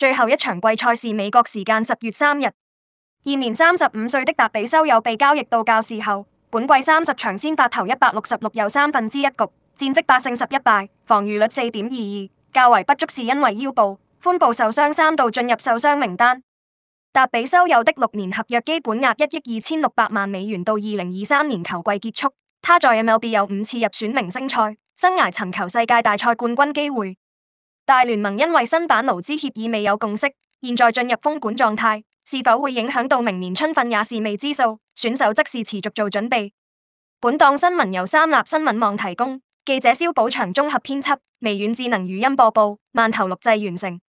最後一場季賽是美國時間十月三日。現年三十五歲的達比修有被交易到教士後，本季三十場先發投一百六十六又三分之一局，戰績八勝十一敗，防御率四點二二，較為不足是因為腰部、髖部受傷三度進入受傷名單。達比修有的六年合約基本額一億二千六百萬美元到二零二三年球季結束。他在 MLB 有五次入選明星賽，生涯尋求世界大賽冠軍機會。大聯盟因為新版勞資協議未有共識，現在進入封管狀態，是否會影響到明年春訓也是未知數。選手則是持續做準備。本檔新聞由三立新聞網提供，記者蕭寶祥綜合編輯，微軟智能語音播報，慢頭錄製完成。